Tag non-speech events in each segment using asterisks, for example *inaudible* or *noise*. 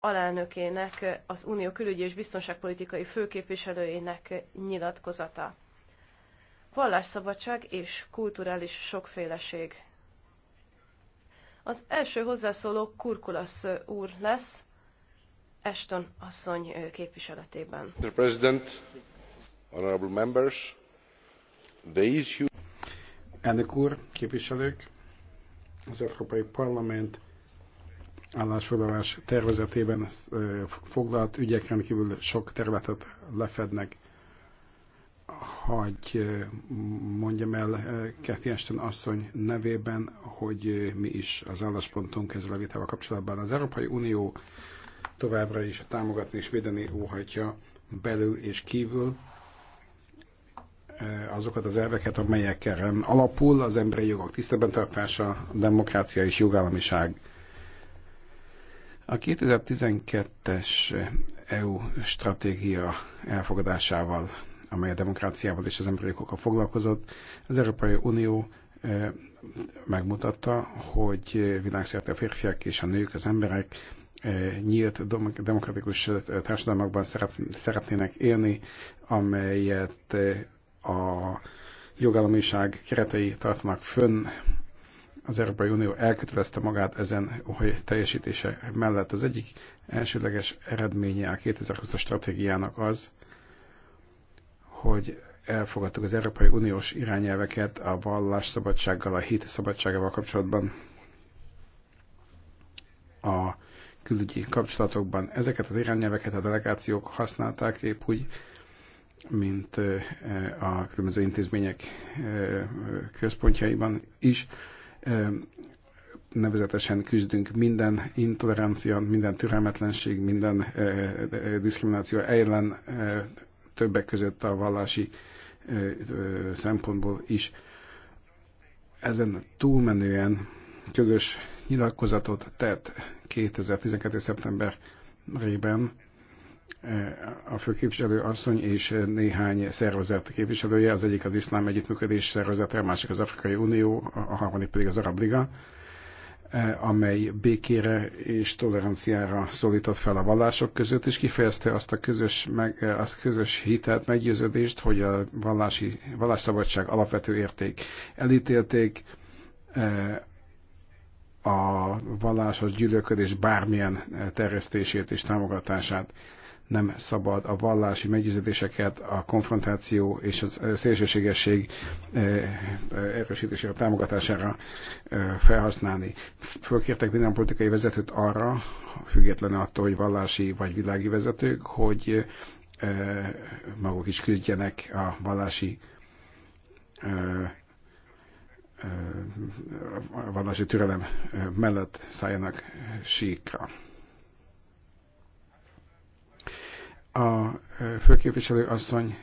alelnökének, az Unió külügyi és biztonságpolitikai főképviselőjének nyilatkozata. Vallásszabadság és kulturális sokféleség. Az első hozzászóló Kurkulasz úr lesz, Ashton asszony képviseletében. Mr. President, honorable members, the issue... Elnök úr, képviselők, az Európai Parlament állásfoglalás tervezetében foglalt ügyeken kívül sok területet lefednek. hogy mondjam el Kathy Ashton asszony nevében, hogy mi is az álláspontunk ezzel a vitával kapcsolatban. Az Európai Unió továbbra is támogatni és védeni óhatja belül és kívül azokat az elveket, amelyeken alapul az emberi jogok tiszteletben tartása, demokrácia és jogállamiság a 2012-es EU stratégia elfogadásával, amely a demokráciával és az emberi jogokkal foglalkozott, az Európai Unió e, megmutatta, hogy világszerte a férfiak és a nők, az emberek e, nyílt demokratikus társadalmakban szeretnének élni, amelyet e, a jogállamiság keretei tartanak fönn, az Európai Unió elkötelezte magát ezen teljesítése mellett. Az egyik elsőleges eredménye a 2020-as stratégiának az, hogy elfogadtuk az Európai Uniós irányelveket a vallás szabadsággal, a hit szabadságával kapcsolatban a külügyi kapcsolatokban. Ezeket az irányelveket a delegációk használták épp úgy, mint eh, a különböző intézmények eh, központjaiban is nevezetesen küzdünk minden intolerancia, minden türelmetlenség, minden diszkrimináció ellen, többek között a vallási szempontból is. Ezen túlmenően közös nyilatkozatot tett 2012. szeptemberében a főképviselő asszony és néhány szervezet képviselője, az egyik az iszlám együttműködés szervezete, a másik az Afrikai Unió, a harmadik pedig az Arab Liga, e, amely békére és toleranciára szólított fel a vallások között, és kifejezte azt a közös, meg, azt közös hitelt, meggyőződést, hogy a vallási, vallásszabadság alapvető érték. Elítélték e, a vallásos gyűlölködés bármilyen terjesztését és támogatását nem szabad a vallási meggyőződéseket a konfrontáció és a szélsőségesség erősítésére, támogatására felhasználni. Fölkértek minden politikai vezetőt arra, függetlenül attól, hogy vallási vagy világi vezetők, hogy maguk is küzdjenek a vallási vallási türelem mellett szálljanak síkra. A főképviselő asszony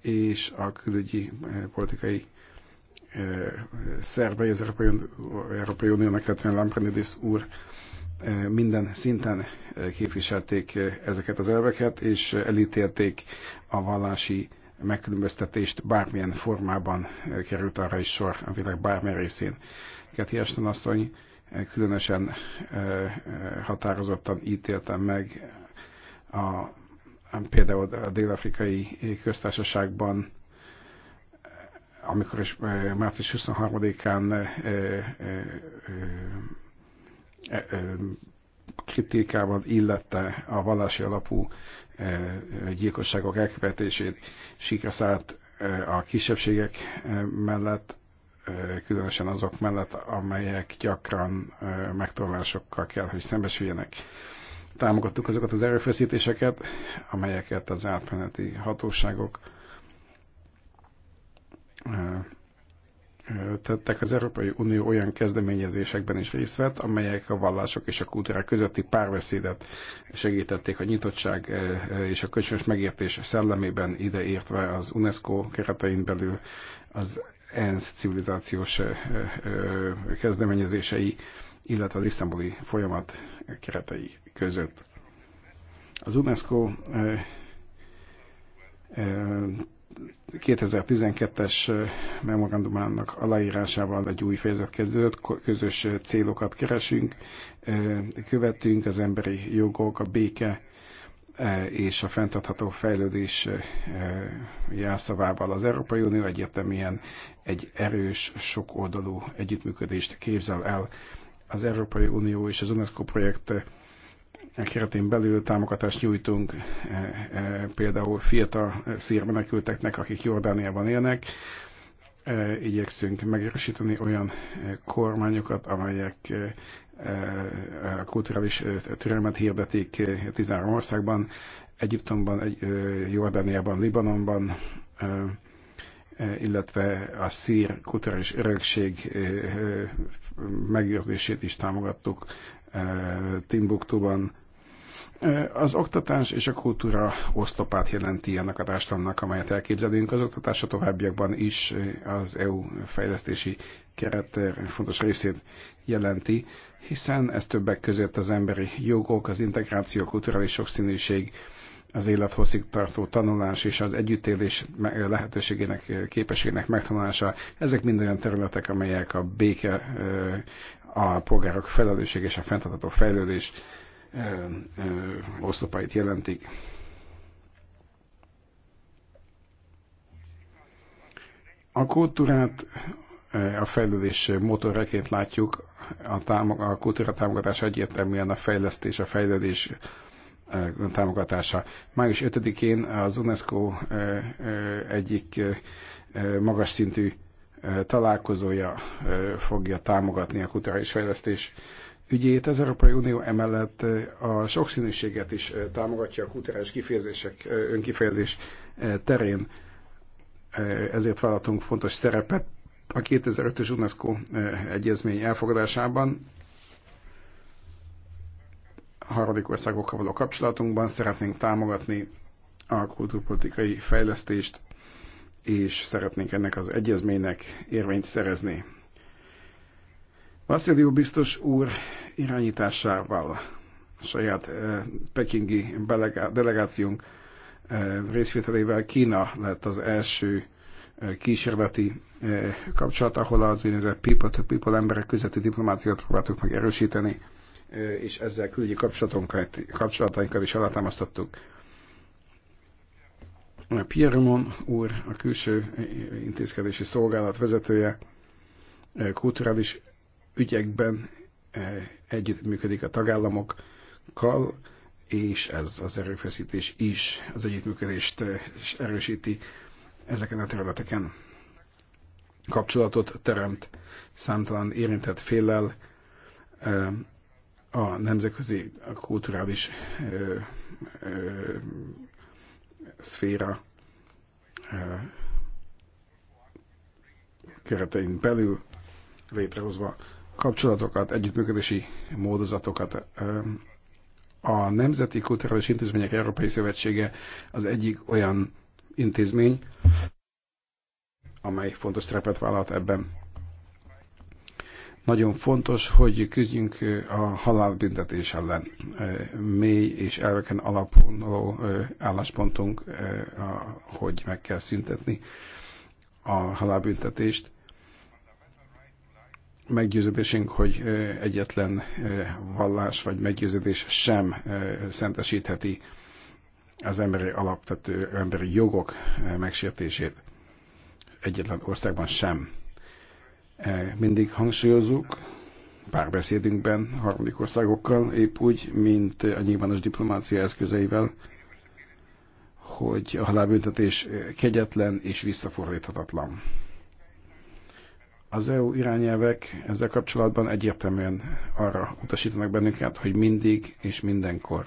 és a külügyi politikai szervei az Európai, Európai Uniónak, illetve Lampanidis úr minden szinten képviselték ezeket az elveket, és elítélték a vallási megkülönböztetést bármilyen formában került arra is sor a világ bármely részén. Keti Ashton asszony különösen határozottan ítélte meg a Például a dél-afrikai köztársaságban, amikor is eh, március 23-án eh, eh, kritikával illette a vallási alapú gyilkosságok elkövetését, síkra szállt a kisebbségek mellett, különösen azok mellett, amelyek gyakran megtorlásokkal kell, hogy szembesüljenek támogattuk azokat az erőfeszítéseket, amelyeket az átmeneti hatóságok tettek. Az Európai Unió olyan kezdeményezésekben is részt vett, amelyek a vallások és a kultúrák közötti párbeszédet segítették a nyitottság és a kölcsönös megértés szellemében ideértve az UNESCO keretein belül az ENSZ civilizációs kezdeményezései illetve az isztambuli folyamat keretei között. Az UNESCO 2012-es eh, eh, eh, memorandumának aláírásával egy új fejezet kezdődött, közös célokat keresünk, követünk az emberi jogok, a béke és a fenntartható fejlődés jelszavával az Európai Unió egyértelműen egy erős, sokoldalú együttműködést képzel el az Európai Unió és az UNESCO projekt keretén belül támogatást nyújtunk e, e, például fiatal szír menekülteknek, akik Jordániában élnek. E, igyekszünk megerősíteni olyan kormányokat, amelyek a kulturális türelmet hirdetik 13 országban, Egyiptomban, Jordániában, Libanonban, illetve a szír kulturális örökség eh, eh, megőrzését is támogattuk eh, Timbuktuban. Az oktatás és a kultúra osztopát jelenti annak a társadalomnak, amelyet elképzelünk. Az oktatás a továbbiakban is az EU fejlesztési keret fontos részét jelenti, hiszen ez többek között az emberi jogok, az integráció, a kulturális sokszínűség, az élethosszig tartó tanulás és az együttélés lehetőségének, eh, képességének megtanulása, ezek mind olyan területek, amelyek a béke, eh, a polgárok felelősség és a fenntartható fejlődés eh, oszlopait jelentik. A kultúrát a fejlődés motorreként látjuk, a, támog, a kultúra támogatása egyértelműen a fejlesztés, a fejlődés támogatása. Május 5-én az UNESCO egyik magas szintű találkozója fogja támogatni a kulturális fejlesztés ügyét. Az Európai Unió emellett a sokszínűséget is támogatja a kulturális kifejezések, önkifejezés terén. Ezért vállaltunk fontos szerepet a 2005-ös UNESCO egyezmény elfogadásában, harmadik országokkal való kapcsolatunkban, szeretnénk támogatni a kultúrpolitikai fejlesztést, és szeretnénk ennek az egyezménynek érvényt szerezni. Vasszilió biztos úr irányításával a saját eh, pekingi belega- delegációnk eh, részvételével Kína lett az első eh, kísérleti eh, kapcsolat, ahol az úgynevezett people-to-people emberek közötti diplomáciát próbáltuk meg erősíteni és ezzel külügyi kapcsolatunkat, kapcsolatainkat is alátámasztottuk. Mon úr, a külső intézkedési szolgálat vezetője, kulturális ügyekben együttműködik a tagállamokkal, és ez az erőfeszítés is az együttműködést erősíti ezeken a területeken. Kapcsolatot teremt számtalan érintett félel, a nemzetközi a kulturális ö, ö, szféra ö, keretein belül létrehozva kapcsolatokat, együttműködési módozatokat. A Nemzeti Kulturális Intézmények Európai Szövetsége az egyik olyan intézmény, amely fontos szerepet vállalt ebben. Nagyon fontos, hogy küzdjünk a halálbüntetés ellen. Mély és elveken alapuló álláspontunk, hogy meg kell szüntetni a halálbüntetést. Meggyőződésünk, hogy egyetlen vallás vagy meggyőződés sem szentesítheti az emberi alapvető emberi jogok megsértését egyetlen országban sem. Eh, mindig hangsúlyozunk párbeszédünkben harmadik országokkal, épp úgy, mint a nyilvános diplomácia eszközeivel, hogy a halálbüntetés kegyetlen és visszafordíthatatlan. Az EU irányelvek ezzel kapcsolatban egyértelműen arra utasítanak bennünket, hogy mindig és mindenkor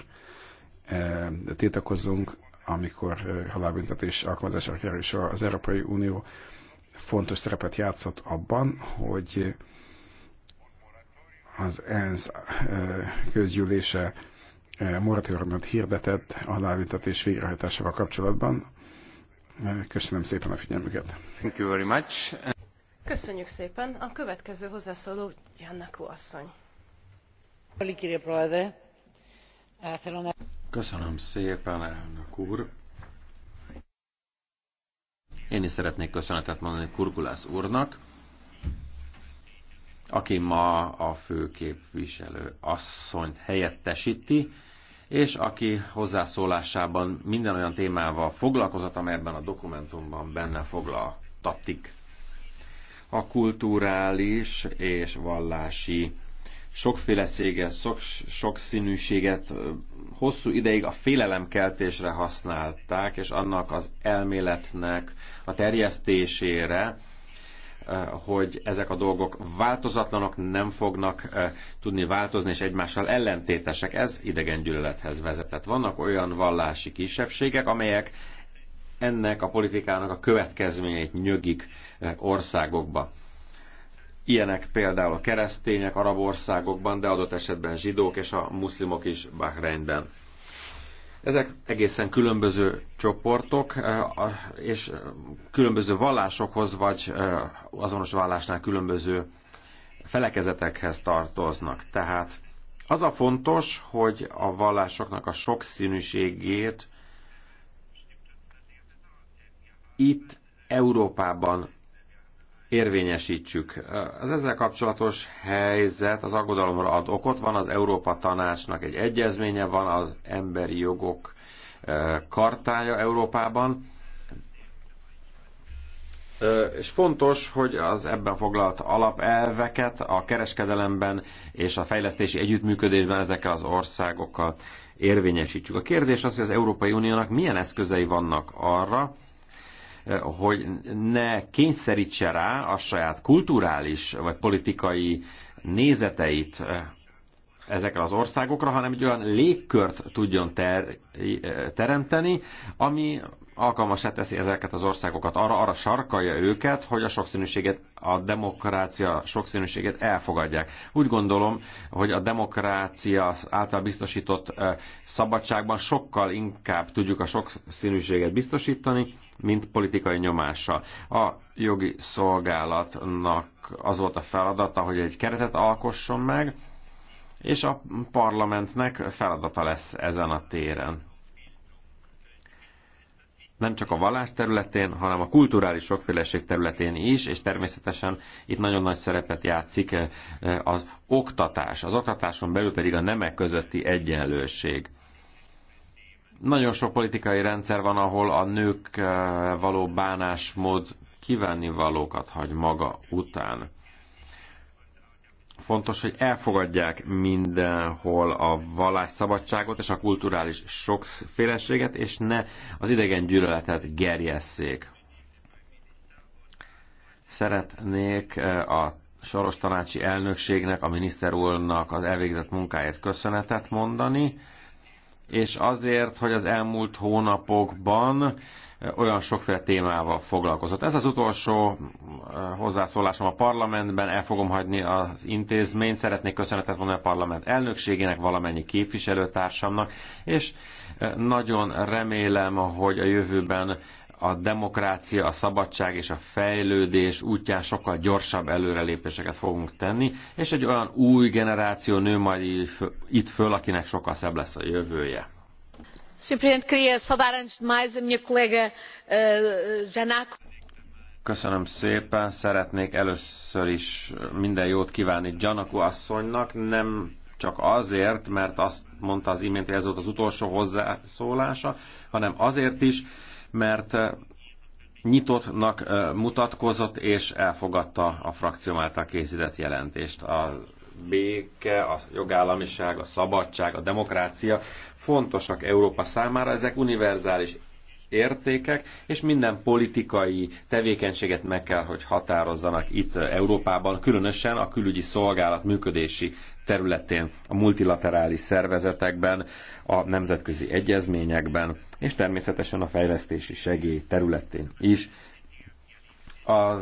eh, tétakozzunk, amikor eh, halálbüntetés alkalmazására kerül sor az Európai Unió fontos szerepet játszott abban, hogy az ENSZ közgyűlése moratóriumot hirdetett a lávítatás végrehajtásával kapcsolatban. Köszönöm szépen a figyelmüket. Thank you very much. Köszönjük szépen. A következő hozzászóló Jannakó asszony. Köszönöm szépen, elnök úr. Én is szeretnék köszönetet mondani Kurgulász úrnak, aki ma a főképviselő asszonyt helyettesíti, és aki hozzászólásában minden olyan témával foglalkozott, amely ebben a dokumentumban benne foglaltatik. A kulturális és vallási sokféleséget, sok, sokszínűséget hosszú ideig a félelemkeltésre használták, és annak az elméletnek a terjesztésére, hogy ezek a dolgok változatlanok, nem fognak tudni változni, és egymással ellentétesek. Ez idegen gyűlölethez vezetett. Vannak olyan vallási kisebbségek, amelyek ennek a politikának a következményeit nyögik országokba. Ilyenek például a keresztények arab országokban, de adott esetben zsidók és a muszlimok is Bahreinben. Ezek egészen különböző csoportok, eh, és különböző vallásokhoz, vagy eh, azonos vallásnál különböző felekezetekhez tartoznak. Tehát az a fontos, hogy a vallásoknak a sokszínűségét itt Európában érvényesítsük. Az ezzel kapcsolatos helyzet az aggodalomra ad okot. Van az Európa Tanácsnak egy egyezménye, van az emberi jogok eh, kartája Európában. Eh, és fontos, hogy az ebben foglalt alapelveket a kereskedelemben és a fejlesztési együttműködésben ezekkel az országokkal érvényesítsük. A kérdés az, hogy az Európai Uniónak milyen eszközei vannak arra, hogy ne kényszerítse rá a saját kulturális vagy politikai nézeteit ezekre az országokra, hanem egy olyan légkört tudjon ter, teremteni, ami alkalmasát teszi ezeket az országokat arra, arra sarkalja őket, hogy a sokszínűséget, a demokrácia sokszínűséget elfogadják. Úgy gondolom, hogy a demokrácia által biztosított szabadságban sokkal inkább tudjuk a sokszínűséget biztosítani, mint politikai nyomással. A jogi szolgálatnak az volt a feladata, hogy egy keretet alkosson meg, és a parlamentnek feladata lesz ezen a téren. Nem csak a vallás területén, hanem a kulturális sokféleség területén is, és természetesen itt nagyon nagy szerepet játszik eh, eh, az oktatás. Az oktatáson belül pedig a nemek közötti egyenlőség nagyon sok politikai rendszer van, ahol a nők való bánásmód valókat hagy maga után fontos, hogy elfogadják mindenhol a vallásszabadságot és a kulturális sokféleséget, és ne az idegen gyűlöletet gerjesszék. Szeretnék eh, a soros tanácsi elnökségnek, a miniszter úrnak az elvégzett munkáért köszönetet mondani, és azért, hogy az elmúlt hónapokban olyan sokféle témával foglalkozott. Ez az utolsó eh, hozzászólásom a parlamentben, el fogom hagyni az intézményt, szeretnék köszönetet mondani a parlament elnökségének, valamennyi képviselőtársamnak, és eh, nagyon remélem, hogy a jövőben a demokrácia, a szabadság és a fejlődés útján sokkal gyorsabb előrelépéseket fogunk tenni, és egy olyan új generáció nő majd itt föl, akinek sokkal szebb lesz a jövője. Presidente, antes de a colega eh, Köszönöm szépen, szeretnék először is minden jót kívánni Janaku asszonynak, nem csak azért, mert azt mondta az imént, hogy ez volt az utolsó hozzászólása, hanem azért is, mert eh, nyitottnak eh, mutatkozott és elfogadta a frakcióm által készített jelentést. A béke, a jogállamiság, a szabadság, a demokrácia fontosak Európa számára, ezek univerzális értékek, és minden politikai tevékenységet meg kell, hogy határozzanak itt Európában, különösen a külügyi szolgálat működési területén, a multilaterális szervezetekben, a nemzetközi egyezményekben, és természetesen a fejlesztési segély területén is. A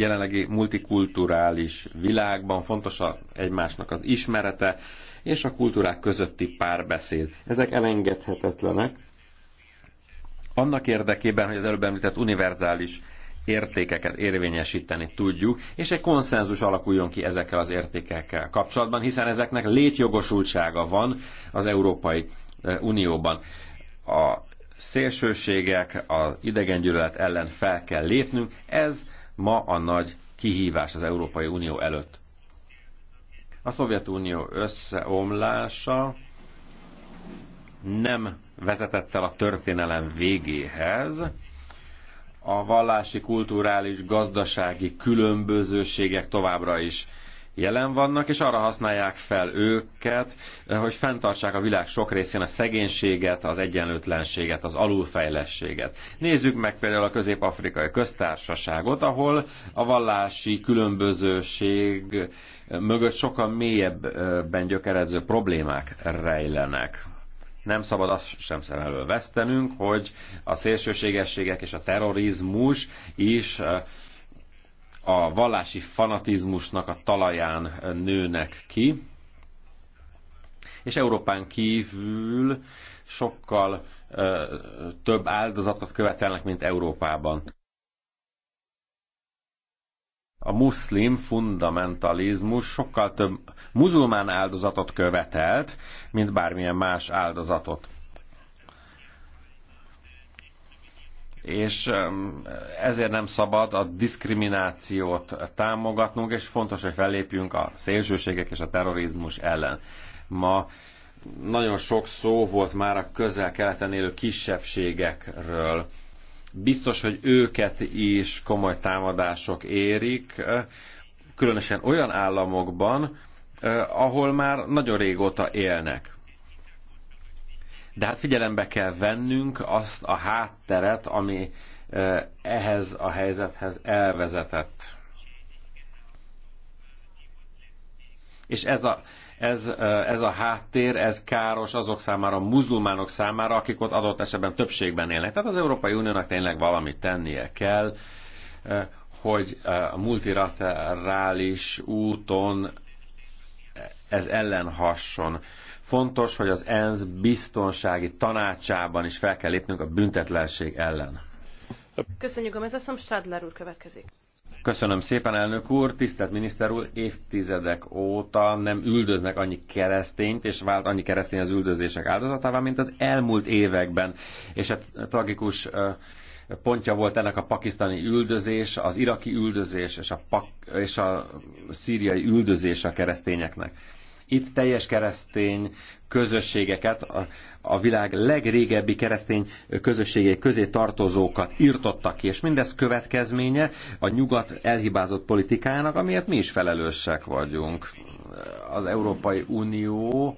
jelenlegi multikulturális világban fontos a egymásnak az ismerete és a kultúrák közötti párbeszéd. Ezek elengedhetetlenek. Annak érdekében, hogy az előbb említett univerzális értékeket érvényesíteni tudjuk, és egy konszenzus alakuljon ki ezekkel az értékekkel kapcsolatban, hiszen ezeknek létjogosultsága van az Európai eh, Unióban. A szélsőségek, az idegengyűlölet ellen fel kell lépnünk, ez ma a nagy kihívás az Európai Unió előtt. A Szovjetunió összeomlása nem vezetett el a történelem végéhez, a vallási, kulturális, gazdasági különbözőségek továbbra is jelen vannak, és arra használják fel őket, eh, hogy fenntartsák a világ sok részén a szegénységet, az egyenlőtlenséget, az alulfejlességet. Nézzük meg például a közép-afrikai köztársaságot, ahol a vallási különbözőség eh, mögött sokkal mélyebben gyökeredző problémák rejlenek nem szabad azt sem szem elől vesztenünk, hogy a szélsőségességek és a terrorizmus is eh, a vallási fanatizmusnak a talaján nőnek ki, és Európán kívül sokkal ö, több áldozatot követelnek, mint Európában. A muszlim fundamentalizmus sokkal több muzulmán áldozatot követelt, mint bármilyen más áldozatot. és ezért nem szabad a diszkriminációt támogatnunk, és fontos, hogy fellépjünk a szélsőségek és a terrorizmus ellen. Ma nagyon sok szó volt már a közel-keleten élő kisebbségekről. Biztos, hogy őket is komoly támadások érik, különösen olyan államokban, ahol már nagyon régóta élnek de hát figyelembe kell vennünk azt a hátteret, ami ehhez a helyzethez elvezetett. És ez a, ez, ez a háttér, ez káros azok számára, a muzulmánok számára, akik ott adott esetben többségben élnek. Tehát az Európai Uniónak tényleg valamit tennie kell, hogy a multilaterális úton ez ellen hasson. Fontos, hogy az ENSZ biztonsági tanácsában is fel kell lépnünk a büntetlenség ellen. Köszönjük, a mezőszom Stadler úr következik. Köszönöm szépen, elnök úr, tisztelt miniszter úr, évtizedek óta nem üldöznek annyi keresztényt, és vált annyi keresztény az üldözések áldozatává, mint az elmúlt években. És a hát tragikus pontja volt ennek a pakisztani üldözés, az iraki üldözés és a, pak- és a szíriai üldözés a keresztényeknek itt teljes keresztény közösségeket, a, a világ legrégebbi keresztény közösségei közé tartozókat írtottak ki, és mindez következménye a nyugat elhibázott politikájának, amiért mi is felelősek vagyunk. Az Európai Unió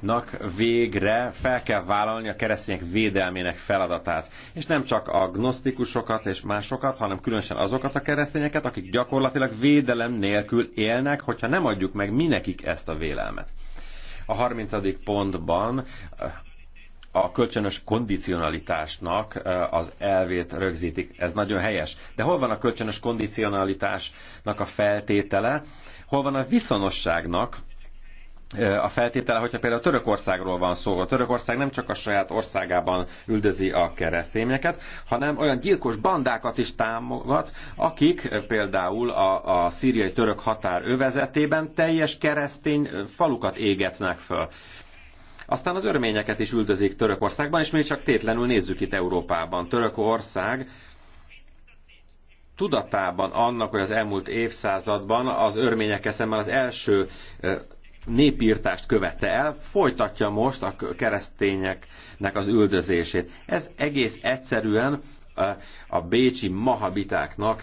nak végre fel kell vállalni a keresztények védelmének feladatát. És nem csak a gnosztikusokat és másokat, hanem különösen azokat a keresztényeket, akik gyakorlatilag védelem nélkül élnek, hogyha nem adjuk meg minekik ezt a vélelmet. A 30. pontban eh, a kölcsönös kondicionalitásnak eh, az elvét rögzítik. Ez nagyon helyes. De hol van a kölcsönös kondicionalitásnak a feltétele? Hol van a viszonosságnak a feltétele, hogyha például Törökországról van szó, a Törökország nem csak a saját országában üldözi a keresztényeket, hanem olyan gyilkos bandákat is támogat, akik például a, a szíriai török határ övezetében teljes keresztény falukat égetnek föl. Aztán az örményeket is üldözik Törökországban, és még csak tétlenül nézzük itt Európában. Törökország tudatában annak, hogy az elmúlt évszázadban az örmények eszemmel az első népírtást követte el, folytatja most a keresztényeknek az üldözését. Ez egész egyszerűen a bécsi mahabitáknak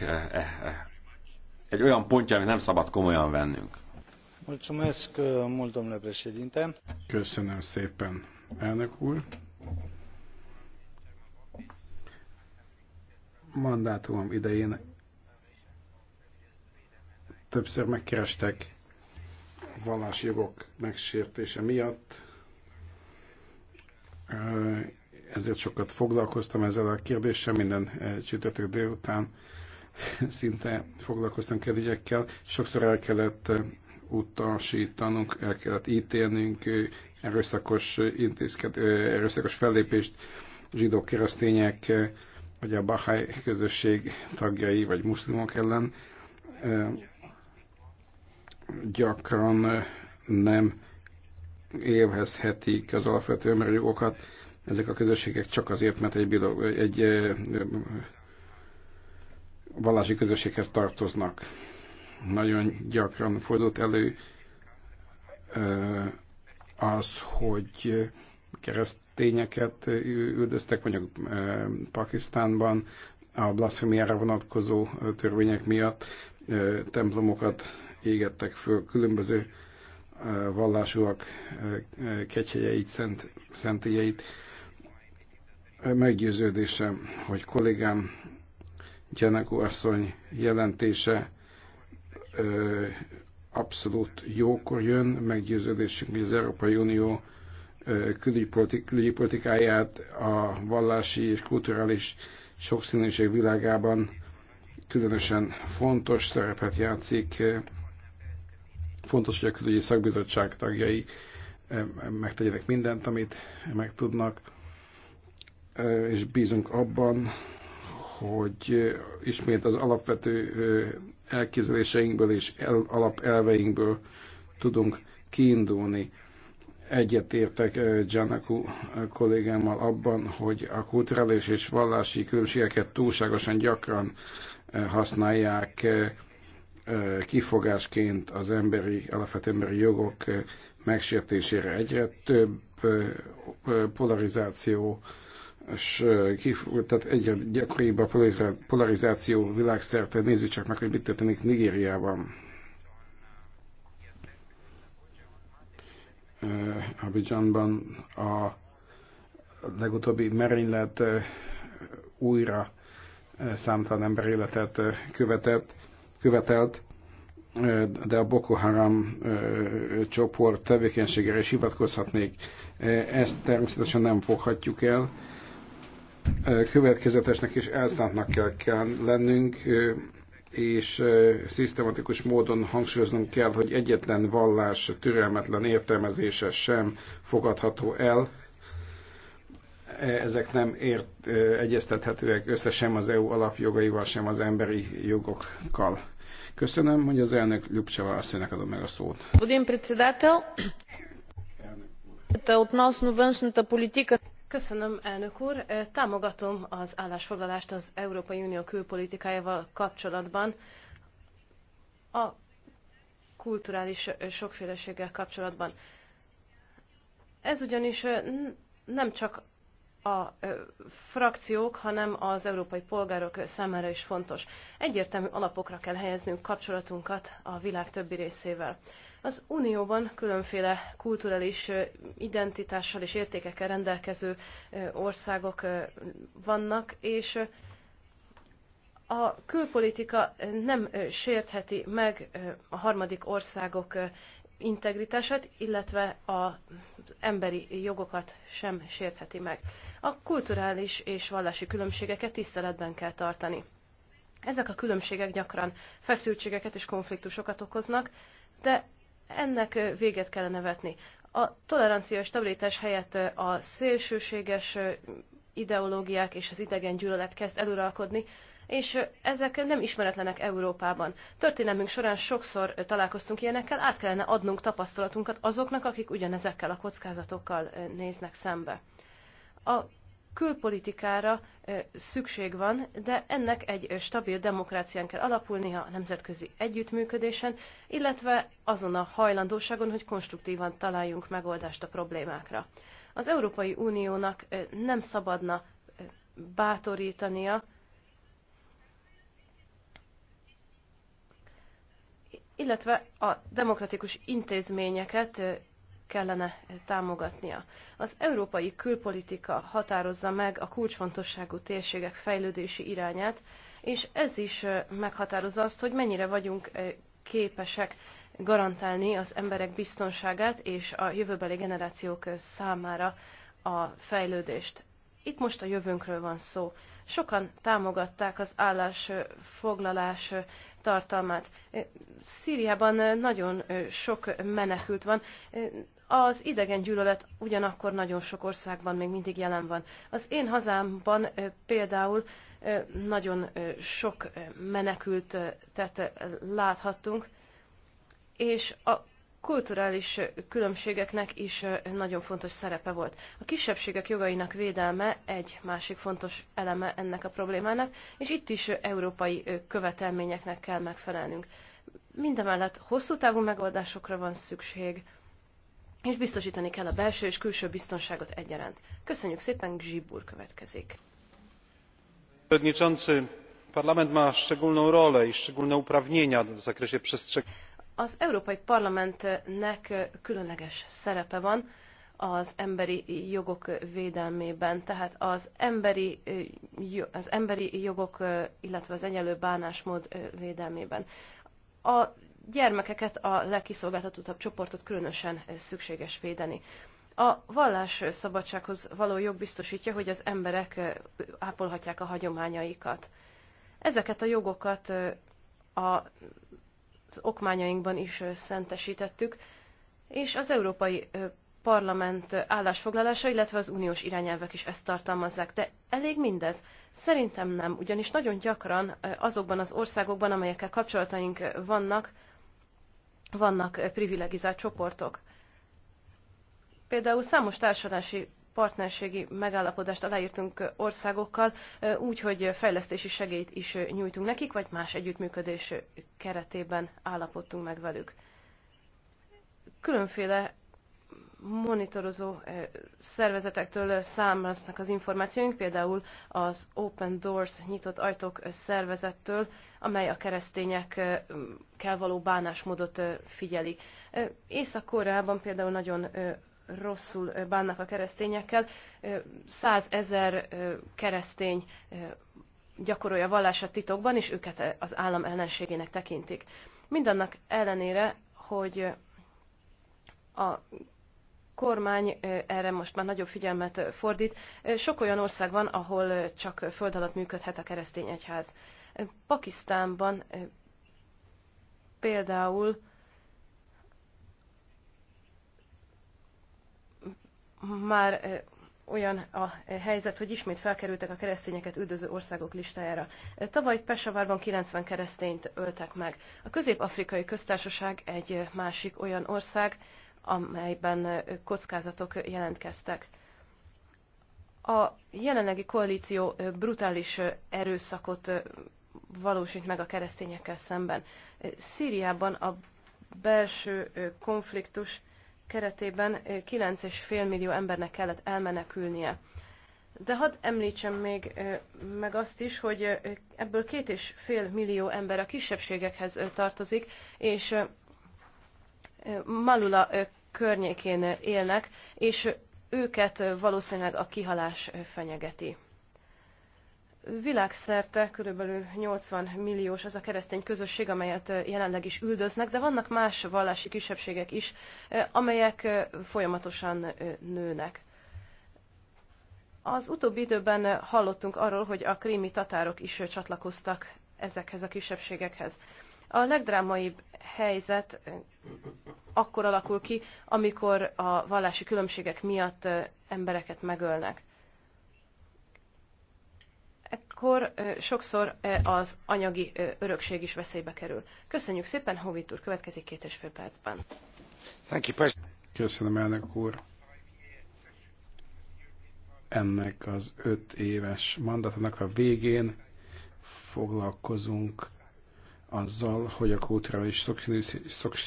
egy olyan pontja, amit nem szabad komolyan vennünk. Köszönöm szépen, elnök úr. Mandátumom idején többször megkerestek vallási jogok megsértése miatt. Ezért sokat foglalkoztam ezzel a kérdéssel minden csütörtök délután *laughs* szinte foglalkoztam kérdügyekkel. Sokszor el kellett utasítanunk, el kellett ítélnünk erőszakos, intézked, erőszakos fellépést zsidó keresztények, vagy a Bahai közösség tagjai, vagy muszlimok ellen gyakran eh, nem élvezhetik az alapvető emberi jogokat ezek a közösségek csak azért, mert egy, bilog, egy ö, eh, e, vallási közösséghez tartoznak. Nagyon gyakran fordult elő e, az, hogy keresztényeket üldöztek, mondjuk Pakisztánban a blasfémiára vonatkozó törvények miatt templomokat égettek föl különböző vallásúak kegyhelyeit, szent, szentélyeit. Meggyőződésem, hogy kollégám Gyenekó asszony jelentése abszolút jókor jön, meggyőződésünk, hogy az Európai Unió külügypolitikáját a vallási és kulturális sokszínűség világában különösen fontos szerepet játszik Fontos, hogy a közügyi szakbizottság tagjai megtegyenek mindent, amit meg tudnak, és bízunk abban, hogy ismét az alapvető elképzeléseinkből és el, alapelveinkből tudunk kiindulni. Egyetértek Giannaku kollégámmal abban, hogy a kulturális és vallási különbségeket túlságosan gyakran használják kifogásként az emberi, alapvető emberi jogok megsértésére egyre több polarizáció, és tehát egyre gyakoribb a polarizáció világszerte. Nézzük csak meg, hogy mit történik Nigériában. Abidjanban a legutóbbi merénylet újra számtalan ember életet követett követelt, de a Boko Haram csoport tevékenységére is hivatkozhatnék. Ezt természetesen nem foghatjuk el. Következetesnek és elszántnak kell, kell lennünk, és szisztematikus módon hangsúlyoznunk kell, hogy egyetlen vallás türelmetlen értelmezése sem fogadható el. E, ezek nem ért, egyeztethetőek össze sem az EU alapjogaival, sem az emberi jogokkal. Köszönöm, hogy az elnök Ljubcseva asszonynak adom meg a szót. Budin председател, относно външната politika Köszönöm, elnök úr. Támogatom az állásfoglalást az Európai Unió külpolitikájával kapcsolatban. A kulturális sokféleséggel kapcsolatban. Ez ugyanis nem csak a frakciók, hanem az európai polgárok számára is fontos. Egyértelmű alapokra kell helyeznünk kapcsolatunkat a világ többi részével. Az Unióban különféle kulturális identitással és értékekkel rendelkező országok vannak, és a külpolitika nem sértheti meg a harmadik országok integritását, illetve az emberi jogokat sem sértheti meg. A kulturális és vallási különbségeket tiszteletben kell tartani. Ezek a különbségek gyakran feszültségeket és konfliktusokat okoznak, de ennek véget kellene vetni. A tolerancia és stabilitás helyett a szélsőséges ideológiák és az idegen gyűlölet kezd eluralkodni, és ezek nem ismeretlenek Európában. Történelmünk során sokszor találkoztunk ilyenekkel, át kellene adnunk tapasztalatunkat azoknak, akik ugyanezekkel a kockázatokkal néznek szembe. A külpolitikára szükség van, de ennek egy stabil demokrácián kell alapulnia a nemzetközi együttműködésen, illetve azon a hajlandóságon, hogy konstruktívan találjunk megoldást a problémákra. Az Európai Uniónak nem szabadna bátorítania, illetve a demokratikus intézményeket kellene támogatnia. Az európai külpolitika határozza meg a kulcsfontosságú térségek fejlődési irányát, és ez is meghatározza azt, hogy mennyire vagyunk képesek garantálni az emberek biztonságát és a jövőbeli generációk számára a fejlődést. Itt most a jövőnkről van szó. Sokan támogatták az állásfoglalás tartalmát. Szíriában nagyon sok menekült van. Az idegen gyűlölet ugyanakkor nagyon sok országban még mindig jelen van. Az én hazámban például nagyon sok menekültet láthattunk, és a kulturális különbségeknek is nagyon fontos szerepe volt. A kisebbségek jogainak védelme egy másik fontos eleme ennek a problémának, és itt is európai követelményeknek kell megfelelnünk. Mindemellett hosszú távú megoldásokra van szükség, és biztosítani kell a belső és külső biztonságot egyaránt. Köszönjük szépen, Zsibur következik. Parlament ma szczególną rolę i szczególne uprawnienia w zakresie przestrzegania az Európai Parlamentnek különleges szerepe van az emberi jogok védelmében, tehát az emberi, az emberi jogok, illetve az egyenlő bánásmód védelmében. A gyermekeket, a legkiszolgáltatottabb csoportot különösen szükséges védeni. A vallás szabadsághoz való jog biztosítja, hogy az emberek ápolhatják a hagyományaikat. Ezeket a jogokat a okmányainkban is szentesítettük, és az Európai Parlament állásfoglalása, illetve az uniós irányelvek is ezt tartalmazzák. De elég mindez? Szerintem nem, ugyanis nagyon gyakran azokban az országokban, amelyekkel kapcsolataink vannak, vannak privilegizált csoportok. Például számos társadalási partnerségi megállapodást aláírtunk országokkal, úgy, hogy fejlesztési segélyt is nyújtunk nekik, vagy más együttműködés keretében állapodtunk meg velük. Különféle monitorozó szervezetektől számlaznak az információink, például az Open Doors nyitott ajtók szervezettől, amely a keresztényekkel való bánásmódot figyeli. Észak-Koreában például nagyon rosszul bánnak a keresztényekkel. Százezer keresztény gyakorolja vallását titokban, és őket az állam ellenségének tekintik. Mindannak ellenére, hogy a kormány erre most már nagyobb figyelmet fordít. Sok olyan ország van, ahol csak föld alatt működhet a keresztény egyház. Pakisztánban például már olyan a helyzet, hogy ismét felkerültek a keresztényeket üldöző országok listájára. Tavaly Pesavárban 90 keresztényt öltek meg. A Közép-Afrikai Köztársaság egy másik olyan ország, amelyben kockázatok jelentkeztek. A jelenlegi koalíció brutális erőszakot valósít meg a keresztényekkel szemben. Szíriában a belső konfliktus keretében 9,5 millió embernek kellett elmenekülnie. De hadd említsem még meg azt is, hogy ebből két és fél millió ember a kisebbségekhez tartozik, és Malula környékén élnek, és őket valószínűleg a kihalás fenyegeti. Világszerte körülbelül 80 milliós az a keresztény közösség, amelyet jelenleg is üldöznek, de vannak más vallási kisebbségek is, amelyek folyamatosan nőnek. Az utóbbi időben hallottunk arról, hogy a krími tatárok is csatlakoztak ezekhez a kisebbségekhez. A legdrámaibb helyzet akkor alakul ki, amikor a vallási különbségek miatt embereket megölnek akkor sokszor az anyagi örökség is veszélybe kerül. Köszönjük szépen, Hovit úr, következik két és fél percben. Köszönöm, elnök úr. Ennek az öt éves mandatának a végén foglalkozunk azzal, hogy a kulturális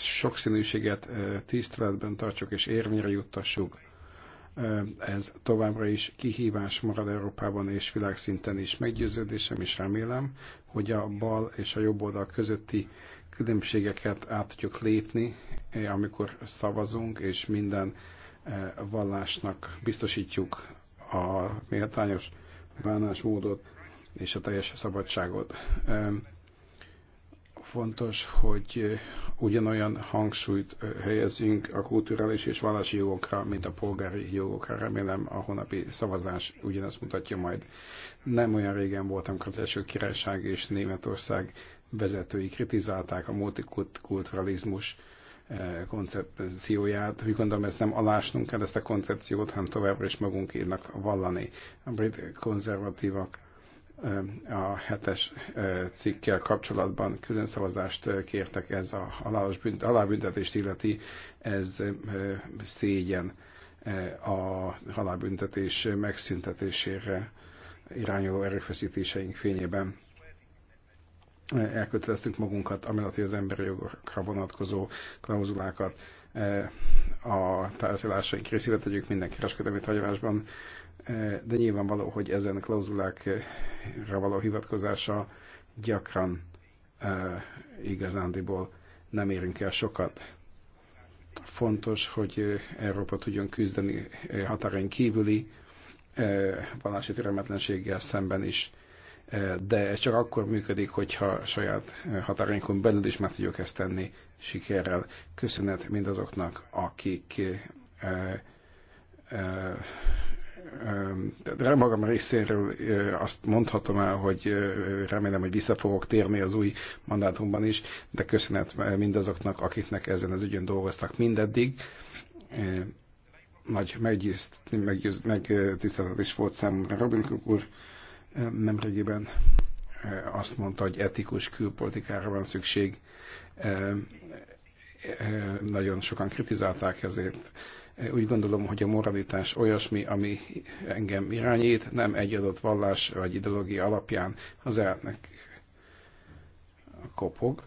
sokszínűséget tiszteletben tartsuk és érvényre juttassuk ez továbbra is kihívás marad Európában és világszinten is. Meggyőződésem és remélem, hogy a bal és a jobb oldal közötti különbségeket át tudjuk lépni, eh, amikor szavazunk, és minden eh, vallásnak biztosítjuk a méltányos bánásmódot és a teljes szabadságot fontos, hogy ugyanolyan hangsúlyt helyezünk a kulturális és vallási jogokra, mint a polgári jogokra. Remélem a honapi szavazás ugyanezt mutatja majd. Nem olyan régen voltam az első királyság és Németország vezetői kritizálták a multikulturalizmus koncepcióját. Úgy gondolom, ezt nem alásnunk kell, ezt a koncepciót, hanem továbbra is magunkénak vallani. A brit konzervatívak a hetes cikkel kapcsolatban külön szavazást kértek, ez a halálbüntetést illeti, ez szégyen a halálbüntetés megszüntetésére irányuló erőfeszítéseink fényében elköteleztünk magunkat, amellett, hogy az emberi jogokra vonatkozó klauzulákat a tárgyalásaink részébe tegyük minden kereskedelmi tárgyalásban de nyilvánvaló, hogy ezen klauzulákra való hivatkozása gyakran igazándiból nem érünk el sokat. Fontos, hogy Európa tudjon küzdeni határain kívüli vallási türelmetlenséggel szemben is, de ez csak akkor működik, hogyha saját határainkon belül is meg tudjuk ezt tenni sikerrel. Köszönet mindazoknak, akik de magam részéről azt mondhatom el, hogy remélem, hogy vissza fogok térni az új mandátumban is, de köszönet mindazoknak, akiknek ezen az ügyön dolgoztak mindeddig. Nagy meggyőzt, meggyőzt, megtiszteltetés volt számomra Robin Cook úr nemrégiben azt mondta, hogy etikus külpolitikára van szükség. Nagyon sokan kritizálták ezért úgy gondolom, hogy a moralitás olyasmi, ami engem irányít, nem egy adott vallás vagy ideológia alapján az elnek kopog.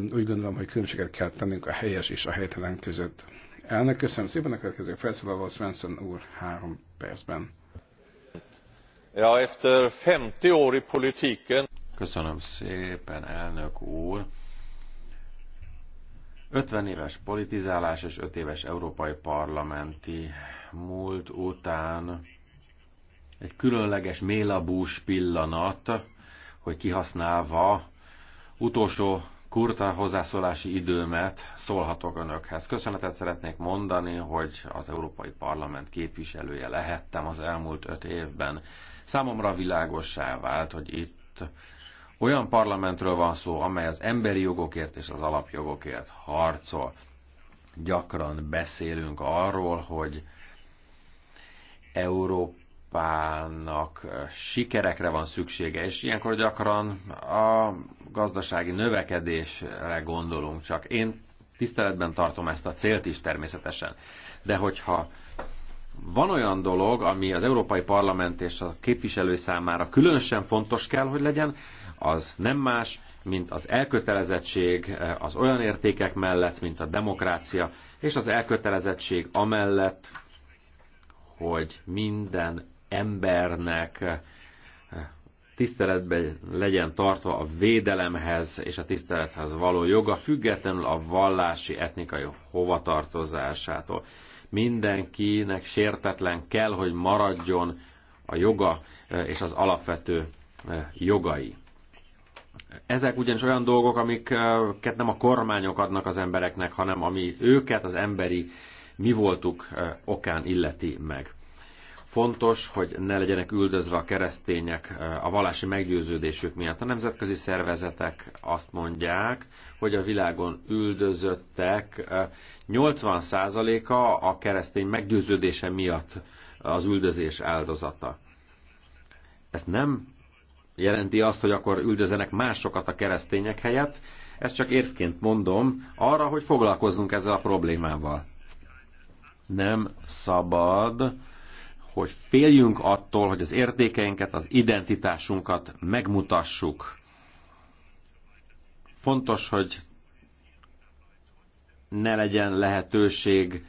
Úgy gondolom, hogy különbséget kell tennünk a helyes és a helytelen között. Elnök, köszönöm szépen a következő felszólaló Svensson úr három percben. Ja, efter 50 år politiken. Köszönöm szépen, elnök úr. 50 éves politizálás és 5 éves európai parlamenti múlt után egy különleges mélabús pillanat, hogy kihasználva utolsó kurta hozzászólási időmet szólhatok önökhez. Köszönetet szeretnék mondani, hogy az Európai Parlament képviselője lehettem az elmúlt öt évben. Számomra világossá vált, hogy itt olyan parlamentről van szó, amely az emberi jogokért és az alapjogokért harcol. Gyakran beszélünk arról, hogy Európának sikerekre van szüksége, és ilyenkor gyakran a gazdasági növekedésre gondolunk csak. Én tiszteletben tartom ezt a célt is természetesen. De hogyha van olyan dolog, ami az Európai Parlament és a képviselő számára különösen fontos kell, hogy legyen, az nem más, mint az elkötelezettség eh, az olyan értékek mellett, mint a demokrácia, és az elkötelezettség amellett, hogy minden embernek eh, tiszteletben legyen tartva a védelemhez és a tisztelethez való joga, függetlenül a vallási, etnikai hovatartozásától. Mindenkinek sértetlen kell, hogy maradjon a joga eh, és az alapvető jogai. Ezek ugyanis olyan dolgok, amiket nem a kormányok adnak az embereknek, hanem ami őket, az emberi mi voltuk okán illeti meg. Fontos, hogy ne legyenek üldözve a keresztények a vallási meggyőződésük miatt. A nemzetközi szervezetek azt mondják, hogy a világon üldözöttek 80%-a a keresztény meggyőződése miatt az üldözés áldozata. Ezt nem jelenti azt, hogy akkor üldözenek másokat a keresztények helyett. Ezt csak érvként mondom arra, hogy foglalkozzunk ezzel a problémával. Nem szabad, hogy féljünk attól, hogy az értékeinket, az identitásunkat megmutassuk. Fontos, hogy ne legyen lehetőség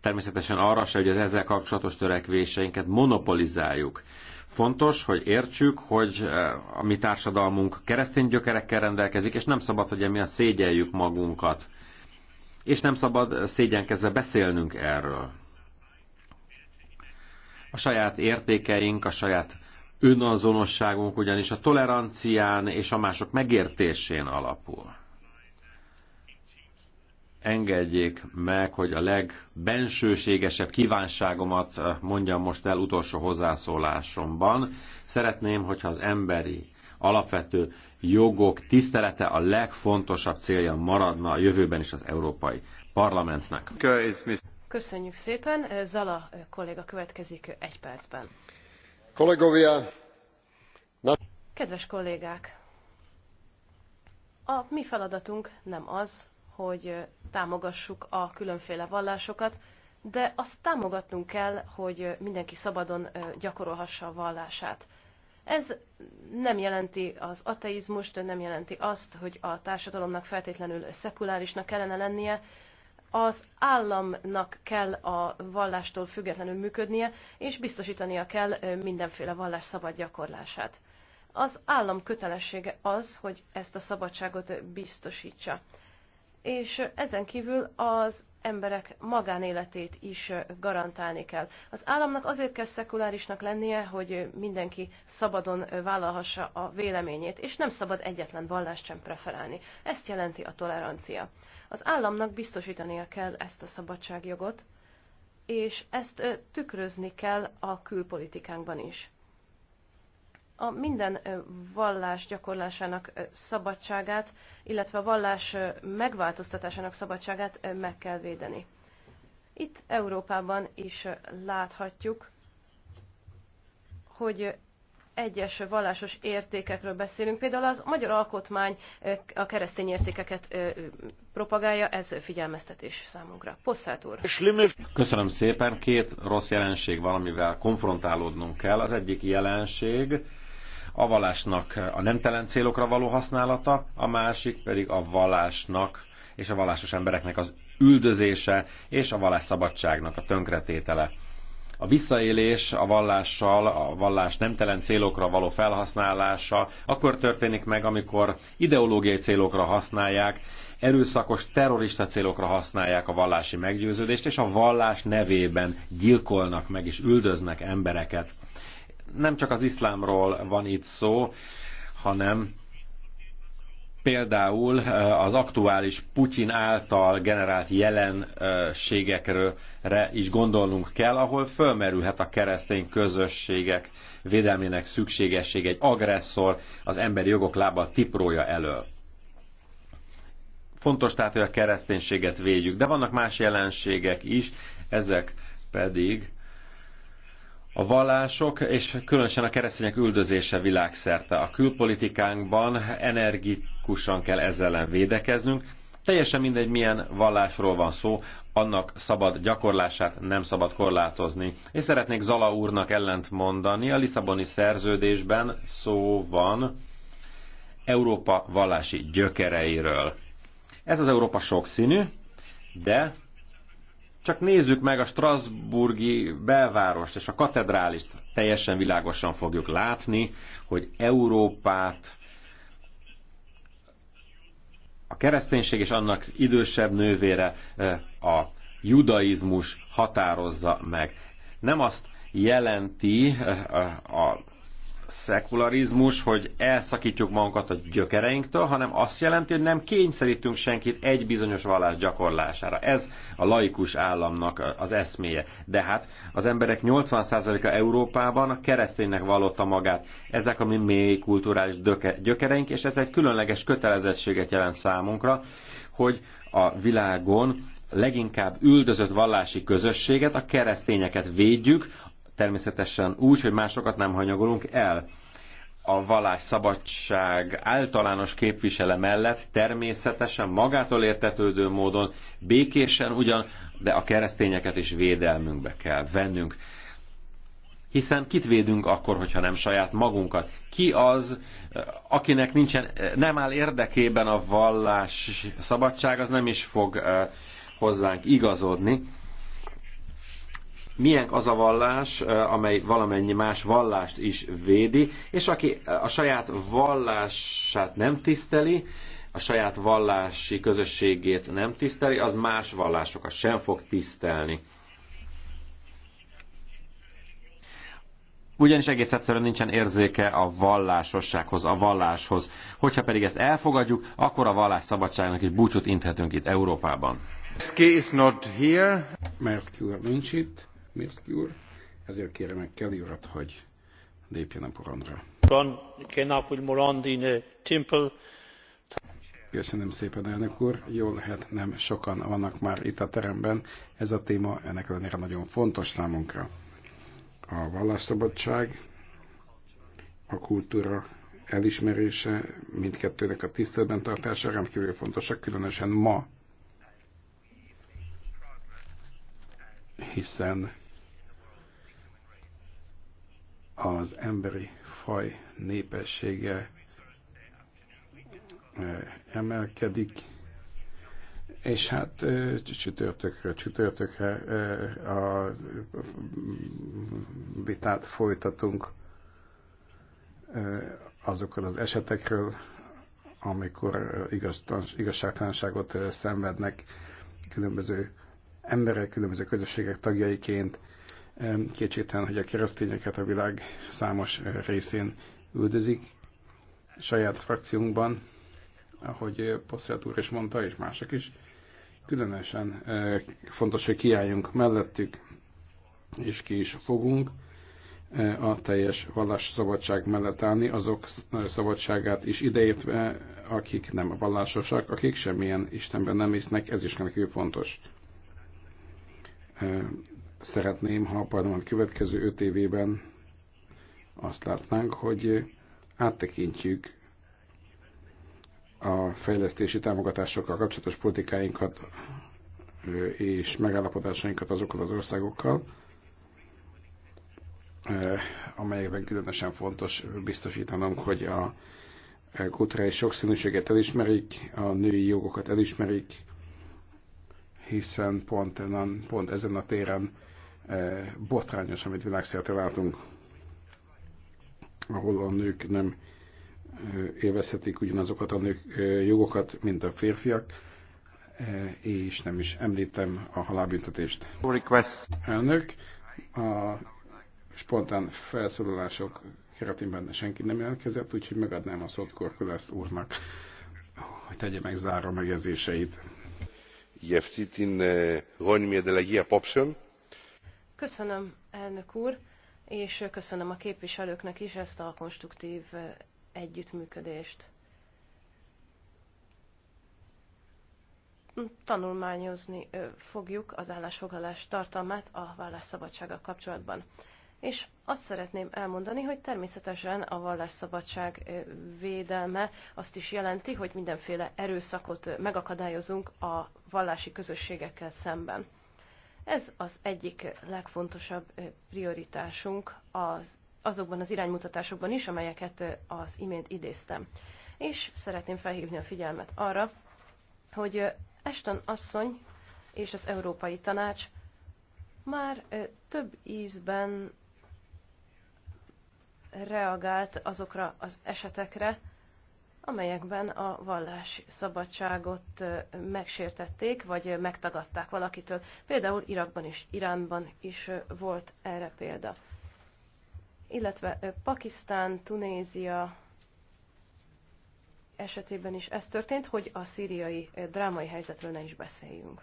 természetesen arra se, hogy az ezzel kapcsolatos törekvéseinket monopolizáljuk. Fontos, hogy értsük, hogy eh, a mi társadalmunk keresztény gyökerekkel rendelkezik, és nem szabad, hogy emiatt szégyeljük magunkat. És nem szabad eh, szégyenkezve beszélnünk erről. A saját értékeink, a saját önazonosságunk ugyanis a tolerancián és a mások megértésén alapul engedjék meg, hogy a legbensőségesebb kívánságomat eh, mondjam most el utolsó hozzászólásomban. Szeretném, hogyha az emberi alapvető jogok tisztelete a legfontosabb célja maradna a jövőben is az Európai Parlamentnek. Köszönjük szépen. Zala eh, kolléga következik eh, egy percben. Kollégovia. Na... Kedves kollégák! A mi feladatunk nem az, hogy támogassuk a különféle vallásokat, de azt támogatnunk kell, hogy mindenki szabadon gyakorolhassa a vallását. Ez nem jelenti az ateizmust, nem jelenti azt, hogy a társadalomnak feltétlenül szekulárisnak kellene lennie, az államnak kell a vallástól függetlenül működnie, és biztosítania kell mindenféle vallás szabad gyakorlását. Az állam kötelessége az, hogy ezt a szabadságot biztosítsa és ezen kívül az emberek magánéletét is garantálni kell. Az államnak azért kell szekulárisnak lennie, hogy mindenki szabadon vállalhassa a véleményét, és nem szabad egyetlen vallást sem preferálni. Ezt jelenti a tolerancia. Az államnak biztosítania kell ezt a szabadságjogot, és ezt tükrözni kell a külpolitikánkban is a minden vallás gyakorlásának szabadságát, illetve a vallás megváltoztatásának szabadságát meg kell védeni. Itt Európában is láthatjuk, hogy egyes vallásos értékekről beszélünk. Például az magyar alkotmány a keresztény értékeket propagálja, ez figyelmeztetés számunkra. Posszát úr. Köszönöm szépen. Két rossz jelenség valamivel konfrontálódnunk kell. Az egyik jelenség a vallásnak a nemtelen célokra való használata, a másik pedig a vallásnak és a vallásos embereknek az üldözése és a szabadságnak a tönkretétele. A visszaélés a vallással, a vallás nemtelen célokra való felhasználása akkor történik meg, amikor ideológiai célokra használják, erőszakos terrorista célokra használják a vallási meggyőződést, és a vallás nevében gyilkolnak meg és üldöznek embereket nem csak az iszlámról van itt szó, hanem például eh, az aktuális Putyin által generált jelenségekre is gondolnunk kell, ahol fölmerülhet a keresztény közösségek védelmének szükségesség egy agresszor az emberi jogok lába tiprója elől. Fontos tehát, hogy a kereszténységet védjük, de vannak más jelenségek is, ezek pedig a vallások és különösen a keresztények üldözése világszerte. A külpolitikánkban energikusan kell ezzel ellen védekeznünk. Teljesen mindegy, milyen vallásról van szó, annak szabad gyakorlását nem szabad korlátozni. És szeretnék Zala úrnak ellent mondani, a Lisszaboni szerződésben szó van Európa vallási gyökereiről. Ez az Európa sokszínű, de csak nézzük meg a Strasburgi belvárost és a katedrálist. Teljesen világosan fogjuk látni, hogy Európát a kereszténység és annak idősebb nővére eh, a judaizmus határozza meg. Nem azt jelenti eh, a szekularizmus, hogy elszakítjuk magunkat a gyökereinktől, hanem azt jelenti, hogy nem kényszerítünk senkit egy bizonyos vallás gyakorlására. Ez a laikus államnak az eszméje. De hát az emberek 80%-a Európában a kereszténynek vallotta magát. Ezek a mi mély kulturális gyökereink, és ez egy különleges kötelezettséget jelent számunkra, hogy a világon leginkább üldözött vallási közösséget, a keresztényeket védjük, természetesen úgy, hogy másokat nem hanyagolunk el. A vallás szabadság általános képvisele mellett természetesen magától értetődő módon békésen ugyan, de a keresztényeket is védelmünkbe kell vennünk. Hiszen kit védünk akkor, hogyha nem saját magunkat? Ki az, akinek nincsen, nem áll érdekében a vallás szabadság, az nem is fog eh, hozzánk igazodni milyen az a vallás, amely valamennyi más vallást is védi, és aki a saját vallását nem tiszteli, a saját vallási közösségét nem tiszteli, az más vallásokat sem fog tisztelni. ugyanis egész egyszerűen nincsen érzéke a vallásossághoz, a valláshoz. Hogyha pedig ezt elfogadjuk, akkor a vallás szabadságnak is búcsút inthetünk itt Európában. Merszki is not here. Merszki nincs itt. Mirszki úr, ezért kérem meg Kelly urat, hogy lépjen a porondra. Uh, Köszönöm szépen, elnök úr. Jól lehet, nem sokan vannak már itt a teremben. Ez a téma ennek ellenére nagyon fontos számunkra. A vallásszabadság, a kultúra elismerése, mindkettőnek a tiszteletben tartása rendkívül fontosak, különösen ma, hiszen az emberi faj népessége emelkedik, és hát csütörtökre, csütörtökre a mm, vitát folytatunk azokkal az esetekről, amikor igazságtalanságot szenvednek különböző emberek, különböző közösségek tagjaiként, Kétségtelen, hogy a keresztényeket a világ számos eh, részén üldözik. Saját frakciónkban, ahogy eh, Poszelt úr is mondta, és mások is, különösen eh, fontos, hogy kiálljunk mellettük, és ki is fogunk a teljes vallásszabadság mellett állni, azok szabadságát is ideértve, akik nem vallásosak, akik semmilyen Istenben nem hisznek, ez is nekünk fontos szeretném, ha a parlament következő öt évében azt látnánk, hogy áttekintjük a fejlesztési támogatásokkal kapcsolatos politikáinkat és megállapodásainkat azokkal az országokkal, amelyekben különösen fontos biztosítanunk, hogy a kulturális sokszínűséget elismerik, a női jogokat elismerik, hiszen pont, pont ezen a téren Eh, botrányos, amit világszerte látunk, ahol a nők nem eh, élvezhetik ugyanazokat a nők eh, jogokat, mint a férfiak, és nem is említem a halálbüntetést. Request. Elnök, a spontán felszólalások keretében senki nem jelentkezett, úgyhogy megadnám a szót Korkulászt úrnak, hogy tegye meg záró megjegyzéseit. Jeftitin, αυτή την γόνιμη ανταλλαγή Köszönöm, elnök úr, és köszönöm a képviselőknek is ezt a konstruktív eh, együttműködést. Tanulmányozni eh, fogjuk az állásfoglalás tartalmát a vallásszabadsággal kapcsolatban. És azt szeretném elmondani, hogy természetesen a vallásszabadság eh, védelme azt is jelenti, hogy mindenféle erőszakot megakadályozunk a vallási közösségekkel szemben. Ez az egyik legfontosabb prioritásunk az, azokban az iránymutatásokban is, amelyeket az imént idéztem. És szeretném felhívni a figyelmet arra, hogy Eston asszony és az Európai Tanács már több ízben reagált azokra az esetekre, amelyekben a vallás szabadságot megsértették, vagy megtagadták valakitől. Például Irakban is, Iránban is volt erre példa. Illetve Pakisztán, Tunézia esetében is ez történt, hogy a szíriai drámai helyzetről ne is beszéljünk.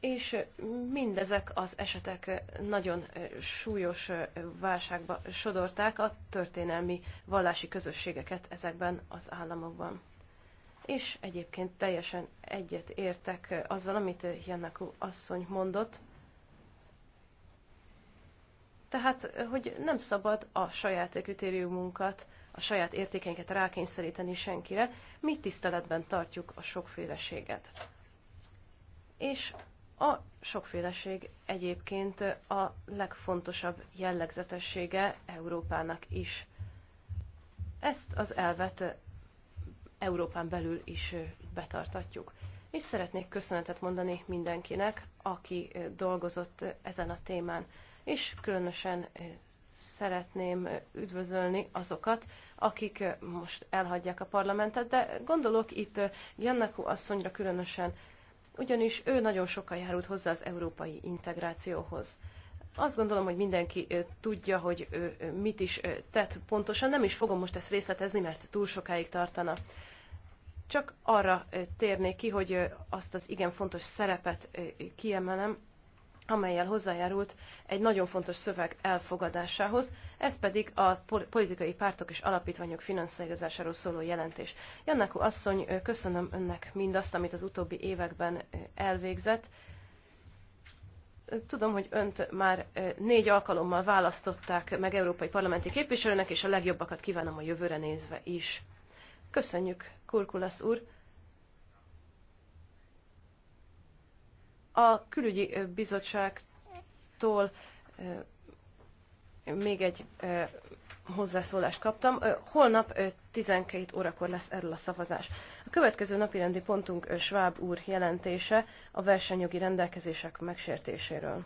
és mindezek az esetek nagyon súlyos válságba sodorták a történelmi vallási közösségeket ezekben az államokban. És egyébként teljesen egyet értek azzal, amit Janaku asszony mondott. Tehát, hogy nem szabad a saját kritériumunkat, a saját értékeinket rákényszeríteni senkire, mi tiszteletben tartjuk a sokféleséget. És a sokféleség egyébként a legfontosabb jellegzetessége Európának is. Ezt az elvet Európán belül is betartatjuk. És szeretnék köszönetet mondani mindenkinek, aki dolgozott ezen a témán, és különösen szeretném üdvözölni azokat, akik most elhagyják a parlamentet, de gondolok itt Jannaku asszonyra különösen, ugyanis ő nagyon sokan járult hozzá az európai integrációhoz. Azt gondolom, hogy mindenki tudja, hogy mit is tett pontosan, nem is fogom most ezt részletezni, mert túl sokáig tartana. Csak arra térnék ki, hogy azt az igen fontos szerepet kiemelem, amelyel hozzájárult egy nagyon fontos szöveg elfogadásához, ez pedig a politikai pártok és alapítványok finanszírozásáról szóló jelentés. Jannakó asszony, köszönöm önnek mindazt, amit az utóbbi években elvégzett. Tudom, hogy önt már négy alkalommal választották meg európai parlamenti képviselőnek, és a legjobbakat kívánom a jövőre nézve is. Köszönjük, Kurkulasz úr! A külügyi bizottságtól még egy hozzászólást kaptam. Holnap 12 órakor lesz erről a szavazás. A következő napirendi pontunk Schwab úr jelentése a versenyjogi rendelkezések megsértéséről.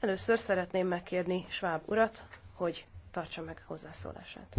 Először szeretném megkérni Schwab urat, hogy tartsa meg hozzászólását.